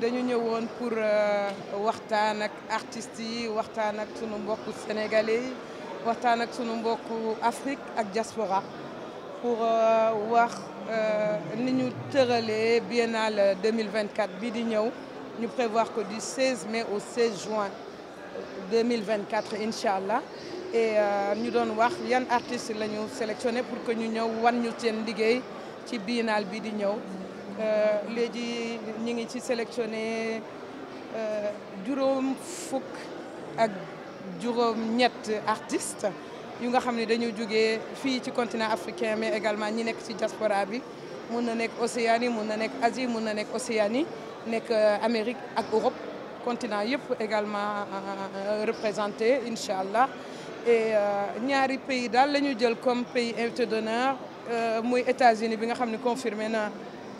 nous avons ñëwoon pour euh, waxtaan artistes sénégalais yi waxtaan ak la Afrique diaspora pour euh, wax euh, ni ñu biennale 2024 nous di prévoir que du 16 mai au 16 juin 2024 Inch'Allah. et nous allons voir yan artistes pour que nous ñëw wan ñu seen qui biennale bi euh, léegi ñu ngi ci sélectionné euh, juróom fukk ak juróom artistes yu nga xam ne dañu jógee fii ci continent africain mais également ñi nekk ci diaspora bi mun na nekk Océanie mun na nekk Asie mun na nekk Océanie nekk euh, Amérique ak Europe continent yëpp également représenté inchallah et ñaari pays daal la jël comme pays invité d'honneur muy États-Unis bi nga xam confirmé na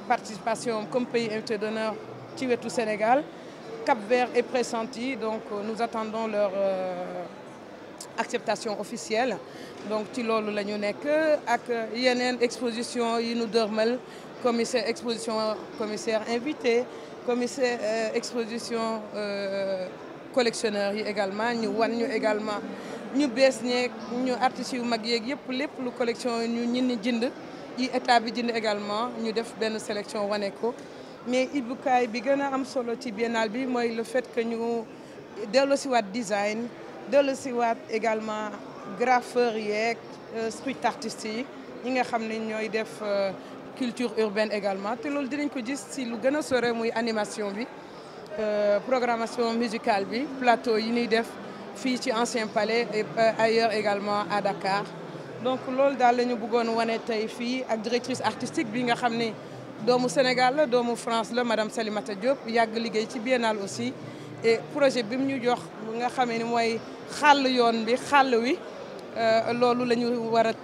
participation comme pays invité d'honneur ci tout Sénégal Cap Vert est pressenti donc euh, nous attendons leur euh, acceptation officielle donc ci loolu la une exposition yi ñu commissaire exposition commissaire invité commissaire euh, exposition collectionneur également Nous avons également ñu artistes qui mag ont lépp collection yi état bi également ñu def une sélection wane mais ibukaay bi gën a am solo ci biennale bi le fait que ñu delloosiwaat design delloosiwaat également graffeur yeeg euh, street artistes yi ñi nga xam ne def euh, culture urbaine également Tout loolu dinañ ko gis si lu gën a sore muy animation bi euh, programmation musicale bi plateau yi ñuy def fii ci ancien palais et ailleurs également à Dakar donc l'ol dal lañu bëggone wone tay fi ak directrice artistique bi nga xamné doomu Sénégal la doomu France la madame Salimata Diop yag liggéey ci biennale aussi et projet bi mu jox nga xamee ni mooy xàll yoon bi xàll wi euh, loolu la ñu war et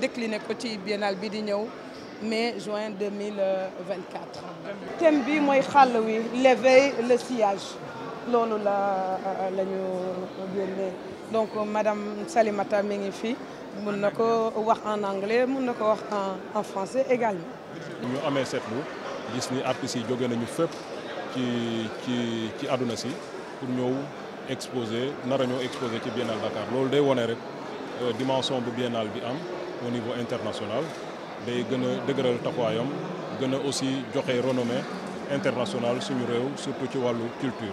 décliner ko ci biennale bi di ñëw mai juin 2024 thème bi moy xàll wi l'éveil le sillage ce la nous donc madame Salimata mi en anglais mën en français également. ñu avons gis ni artistes yi nañu pour nous exposer nara exposer ci Biennale Dakar day rek euh, dimension bu Biennale au niveau international day gëna dëgëral aussi une renommée internationale suñu rew culture.